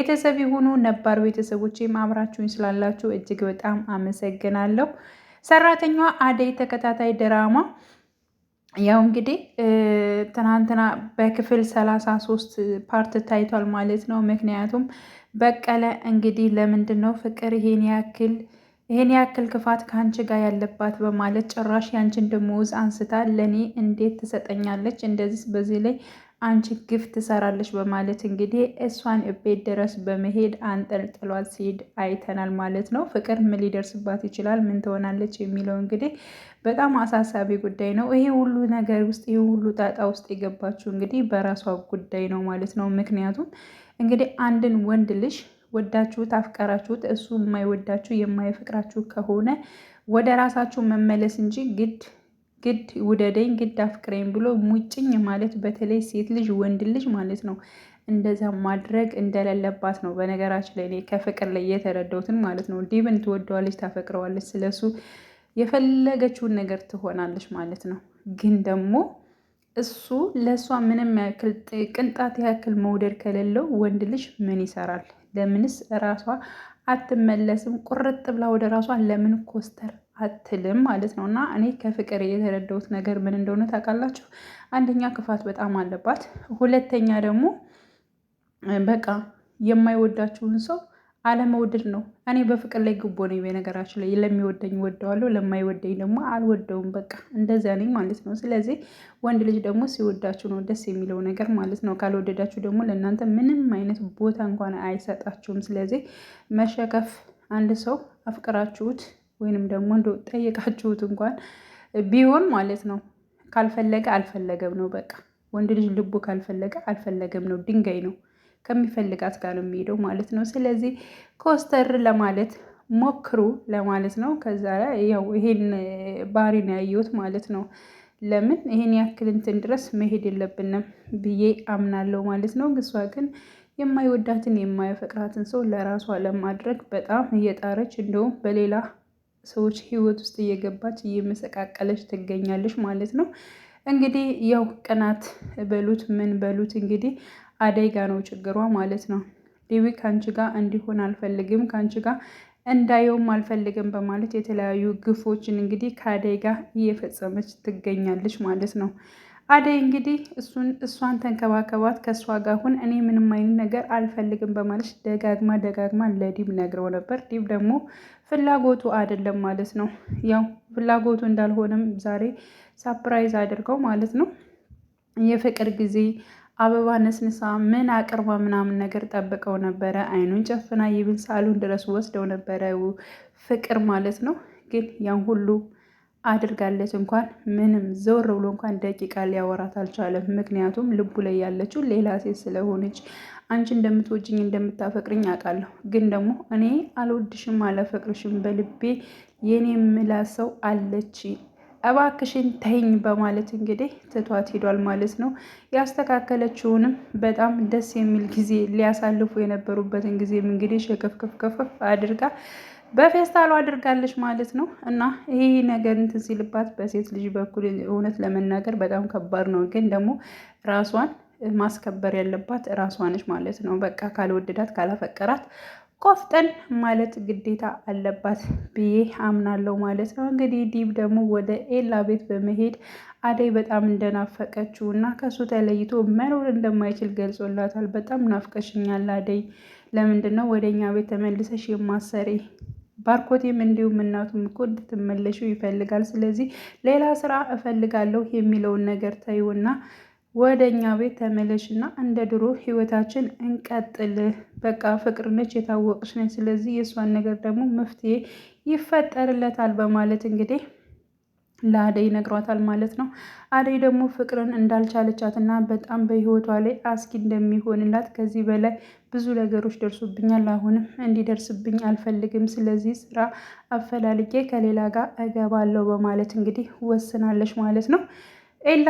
ቤተሰብ የሆኑ ነባር ቤተሰቦቼም አብራችሁኝ ስላላችሁ እጅግ በጣም አመሰግናለሁ። ሰራተኛዋ አደይ ተከታታይ ድራማ ያው እንግዲህ ትናንትና በክፍል ሰላሳ ሶስት ፓርት ታይቷል ማለት ነው። ምክንያቱም በቀለ እንግዲህ ለምንድን ነው ፍቅር ይሄን ያክል ይሄን ያክል ክፋት ከአንቺ ጋር ያለባት በማለት ጭራሽ ያንቺን ደመወዝ አንስታ ለእኔ እንዴት ትሰጠኛለች? እንደዚህ በዚህ ላይ አንቺ ግፍ ትሰራለች በማለት እንግዲህ እሷን እቤት ድረስ በመሄድ አንጠልጥሏት ሲሄድ አይተናል ማለት ነው። ፍቅር ምን ሊደርስባት ይችላል? ምን ትሆናለች የሚለው እንግዲህ በጣም አሳሳቢ ጉዳይ ነው። ይሄ ሁሉ ነገር ውስጥ ይሄ ሁሉ ጣጣ ውስጥ የገባችው እንግዲህ በራሷ ጉዳይ ነው ማለት ነው። ምክንያቱም እንግዲህ አንድን ወንድ ልጅ ወዳችሁት አፍቀራችሁት እሱ የማይወዳችሁ የማይፈቅራችሁ ከሆነ ወደ ራሳችሁ መመለስ እንጂ ግድ ግድ ውደደኝ ግድ አፍቅረኝ ብሎ ሙጭኝ ማለት በተለይ ሴት ልጅ ወንድ ልጅ ማለት ነው እንደዛ ማድረግ እንደሌለባት ነው። በነገራችን ላይ እኔ ከፍቅር ላይ የተረዳውትን ማለት ነው። ዲብን ትወደዋለች፣ ታፈቅረዋለች፣ ስለሱ የፈለገችውን ነገር ትሆናለች ማለት ነው። ግን ደግሞ እሱ ለእሷ ምንም ያክል ቅንጣት ያክል መውደድ ከሌለው ወንድ ልጅ ምን ይሰራል? ለምንስ ራሷ አትመለስም? ቁርጥ ብላ ወደ ራሷ ለምን ኮስተር አትልም ማለት ነው። እና እኔ ከፍቅር የተረዳሁት ነገር ምን እንደሆነ ታውቃላችሁ? አንደኛ ክፋት በጣም አለባት። ሁለተኛ ደግሞ በቃ የማይወዳችሁን ሰው አለመውደድ ነው። እኔ በፍቅር ላይ ግቦ ነኝ። በነገራችን ላይ ለሚወደኝ ወደዋለሁ፣ ለማይወደኝ ደግሞ አልወደውም። በቃ እንደዚያ ነኝ ማለት ነው። ስለዚህ ወንድ ልጅ ደግሞ ሲወዳችሁ ነው ደስ የሚለው ነገር ማለት ነው። ካልወደዳችሁ ደግሞ ለእናንተ ምንም አይነት ቦታ እንኳን አይሰጣችሁም። ስለዚህ መሸከፍ አንድ ሰው አፍቅራችሁት ወይንም ደግሞ እንደ ጠየቃችሁት እንኳን ቢሆን ማለት ነው። ካልፈለገ አልፈለገም ነው በቃ። ወንድ ልጅ ልቡ ካልፈለገ አልፈለገም ነው፣ ድንጋይ ነው። ከሚፈልጋት ጋር ነው የሚሄደው ማለት ነው። ስለዚህ ኮስተር ለማለት ሞክሩ ለማለት ነው። ከዛ ያው ይሄን ባህሪ ነው ያየሁት ማለት ነው። ለምን ይሄን ያክል እንትን ድረስ መሄድ የለብንም ብዬ አምናለሁ ማለት ነው። እሷ ግን የማይወዳትን የማያፈቅራትን ሰው ለራሷ ለማድረግ በጣም እየጣረች እንደውም በሌላ ሰዎች ህይወት ውስጥ እየገባች እየመሰቃቀለች ትገኛለች ማለት ነው። እንግዲህ ያው ቅናት በሉት ምን በሉት እንግዲህ አደይ ጋ ነው ችግሯ ማለት ነው። ዴቢ ከአንቺ ጋር እንዲሆን አልፈልግም ከአንቺ ጋር እንዳየውም አልፈልግም በማለት የተለያዩ ግፎችን እንግዲህ ከአደይ ጋር እየፈጸመች ትገኛለች ማለት ነው። አደይ እንግዲህ እሱን እሷን ተንከባከባት፣ ከእሷ ጋር ሁን፣ እኔ ምንም አይነት ነገር አልፈልግም በማለት ደጋግማ ደጋግማ ለዲብ ነግረው ነበር። ዲብ ደግሞ ፍላጎቱ አይደለም ማለት ነው። ያው ፍላጎቱ እንዳልሆነም ዛሬ ሳፕራይዝ አድርገው ማለት ነው የፍቅር ጊዜ አበባ ነስንሳ ምን አቅርባ ምናምን ነገር ጠብቀው ነበረ። አይኑን ጨፍና ይብን ሳሉን ድረስ ወስደው ነበረ ፍቅር ማለት ነው ግን ያን ሁሉ አድርጋለች እንኳን ምንም ዘወር ብሎ እንኳን ደቂቃ ሊያወራት አልቻለም። ምክንያቱም ልቡ ላይ ያለችው ሌላ ሴት ስለሆነች። አንቺ እንደምትወጅኝ እንደምታፈቅርኝ አውቃለሁ፣ ግን ደግሞ እኔ አልወድሽም አላፈቅርሽም፣ በልቤ የኔ ምላ ሰው አለች፣ እባክሽን ተይኝ በማለት እንግዲህ ትቷት ሄዷል ማለት ነው። ያስተካከለችውንም በጣም ደስ የሚል ጊዜ ሊያሳልፉ የነበሩበትን ጊዜም እንግዲህ ሸከፍከፍከፍ አድርጋ በፌስታሉ አድርጋለች ማለት ነው። እና ይህ ነገር እንትን ሲልባት በሴት ልጅ በኩል እውነት ለመናገር በጣም ከባድ ነው። ግን ደግሞ ራሷን ማስከበር ያለባት ራሷነች ማለት ነው። በቃ ካልወደዳት ካላፈቀራት ቆፍጠን ማለት ግዴታ አለባት ብዬ አምናለሁ ማለት ነው። እንግዲህ ዲብ ደግሞ ወደ ኤላ ቤት በመሄድ አደይ በጣም እንደናፈቀችው እና ከሱ ተለይቶ መኖር እንደማይችል ገልጾላታል። በጣም ናፍቀሽኛል አደይ፣ ለምንድን ነው ወደ እኛ ቤት ተመልሰሽ የማሰሬ ባርኮቴም እንዲሁም እናቱም እኮ እንድትመለሹ ይፈልጋል። ስለዚህ ሌላ ስራ እፈልጋለሁ የሚለውን ነገር ተይውና ወደ እኛ ቤት ተመለሽና እንደ ድሮ ህይወታችን እንቀጥል። በቃ ፍቅር ነች፣ የታወቅሽ ነች። ስለዚህ የእሷን ነገር ደግሞ መፍትሄ ይፈጠርለታል በማለት እንግዲህ ለአደይ ነግሯታል ማለት ነው። አደይ ደግሞ ፍቅርን እንዳልቻለቻትና በጣም በህይወቷ ላይ አስጊ እንደሚሆንላት ከዚህ በላይ ብዙ ነገሮች ደርሶብኛል፣ አሁንም እንዲደርስብኝ አልፈልግም፣ ስለዚህ ስራ አፈላልጌ ከሌላ ጋር እገባለሁ በማለት እንግዲህ ወስናለች ማለት ነው። ኤላ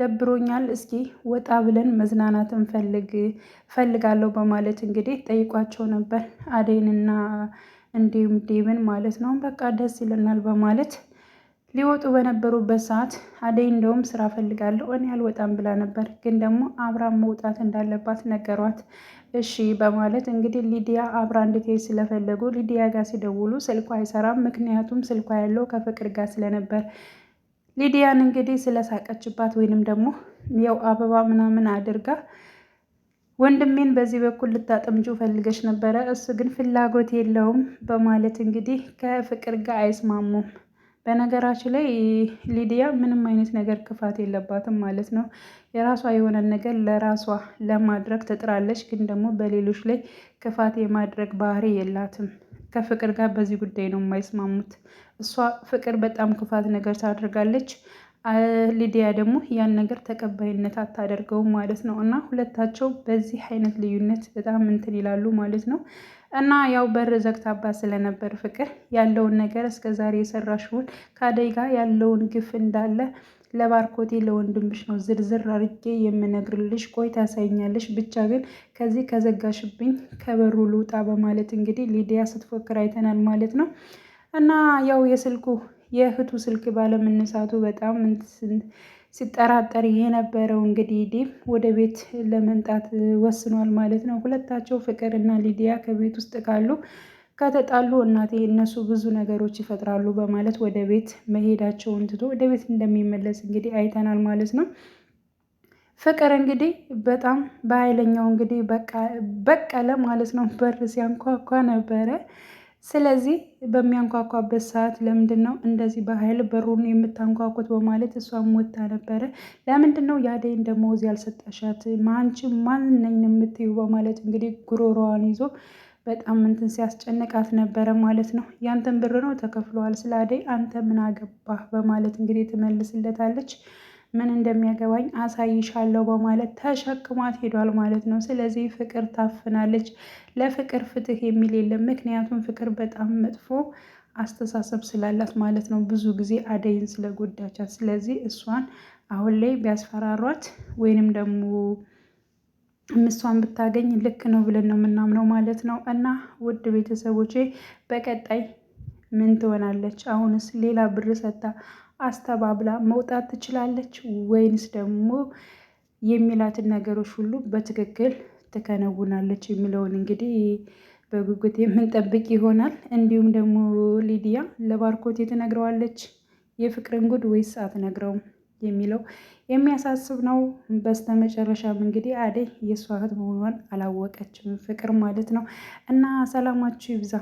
ደብሮኛል፣ እስኪ ወጣ ብለን መዝናናት እንፈልግ ፈልጋለሁ በማለት እንግዲህ ጠይቋቸው ነበር አደይንና እንዲሁም ዴብን ማለት ነው። በቃ ደስ ይለናል በማለት ሊወጡ በነበሩበት ሰዓት አደይ እንደውም ስራ ፈልጋለሁ እኔ አልወጣም ብላ ነበር፣ ግን ደግሞ አብራ መውጣት እንዳለባት ነገሯት። እሺ በማለት እንግዲህ ሊዲያ አብራ እንድትሄድ ስለፈለጉ ሊዲያ ጋር ሲደውሉ ስልኳ አይሰራም። ምክንያቱም ስልኳ ያለው ከፍቅር ጋር ስለነበር ሊዲያን እንግዲህ ስለሳቀችባት ወይንም ደግሞ ያው አበባ ምናምን አድርጋ ወንድሜን በዚህ በኩል ልታጠምጁ ፈልገሽ ነበረ፣ እሱ ግን ፍላጎት የለውም በማለት እንግዲህ ከፍቅር ጋር አይስማሙም። በነገራችን ላይ ሊዲያ ምንም አይነት ነገር ክፋት የለባትም ማለት ነው። የራሷ የሆነ ነገር ለራሷ ለማድረግ ትጥራለች፣ ግን ደግሞ በሌሎች ላይ ክፋት የማድረግ ባህሪ የላትም። ከፍቅር ጋር በዚህ ጉዳይ ነው የማይስማሙት። እሷ ፍቅር በጣም ክፋት ነገር ታደርጋለች፣ ሊዲያ ደግሞ ያን ነገር ተቀባይነት አታደርገውም ማለት ነው። እና ሁለታቸው በዚህ አይነት ልዩነት በጣም እንትን ይላሉ ማለት ነው። እና ያው በር ዘግታባት ስለነበር ፍቅር ያለውን ነገር እስከ ዛሬ የሰራሽውን ከአደይ ጋር ያለውን ግፍ እንዳለ ለባርኮቴ ለወንድምሽ ነው ዝርዝር አርጌ የምነግርልሽ። ቆይ ታሳይኛለሽ። ብቻ ግን ከዚህ ከዘጋሽብኝ ከበሩ ልውጣ በማለት እንግዲህ ሊዲያ ስትፎክር አይተናል ማለት ነው። እና ያው የስልኩ የእህቱ ስልክ ባለመነሳቱ በጣም ሲጠራጠር የነበረው እንግዲህ ዴቭ ወደ ቤት ለመምጣት ወስኗል ማለት ነው። ሁለታቸው ፍቅር እና ሊዲያ ከቤት ውስጥ ካሉ ከተጣሉ እናቴ እነሱ ብዙ ነገሮች ይፈጥራሉ በማለት ወደ ቤት መሄዳቸውን ትቶ ወደ ቤት እንደሚመለስ እንግዲህ አይተናል ማለት ነው። ፍቅር እንግዲህ በጣም በኃይለኛው እንግዲህ በቀለ ማለት ነው። በር ሲያንኳኳ ነበረ። ስለዚህ በሚያንኳኳበት ሰዓት ለምንድን ነው እንደዚህ በኃይል በሩን የምታንኳኩት? በማለት እሷም ወታ ነበረ። ለምንድን ነው የአደይን ደመወዝ ያልሰጠሻት? ማንቺ ማን ነኝ የምትዩ? በማለት እንግዲህ ጉሮሮዋን ይዞ በጣም እንትን ሲያስጨንቃት ነበረ ማለት ነው። ያንተን ብር ነው ተከፍለዋል፣ ስለ አደይ አንተ ምን አገባህ? በማለት እንግዲህ ትመልስለታለች። ምን እንደሚያገባኝ አሳይሻለሁ በማለት ተሸክሟት ሄዷል ማለት ነው። ስለዚህ ፍቅር ታፍናለች። ለፍቅር ፍትህ የሚል የለም። ምክንያቱም ፍቅር በጣም መጥፎ አስተሳሰብ ስላላት ማለት ነው። ብዙ ጊዜ አደይን ስለጎዳቻት። ስለዚህ እሷን አሁን ላይ ቢያስፈራሯት ወይንም ደግሞ ምሷን ብታገኝ ልክ ነው ብለን ነው የምናምነው ማለት ነው። እና ውድ ቤተሰቦቼ በቀጣይ ምን ትሆናለች? አሁንስ ሌላ ብር ሰታ አስተባብላ መውጣት ትችላለች ወይንስ ደግሞ የሚላትን ነገሮች ሁሉ በትክክል ትከነውናለች የሚለውን እንግዲህ በጉጉት የምንጠብቅ ይሆናል። እንዲሁም ደግሞ ሊዲያ ለባርኮቴ ትነግረዋለች የፍቅርን ጉድ ወይስ አትነግረውም የሚለው የሚያሳስብ ነው። በስተመጨረሻም እንግዲህ አደይ የእሷ እህት መሆኗን አላወቀችም ፍቅር ማለት ነው እና ሰላማችሁ ይብዛ።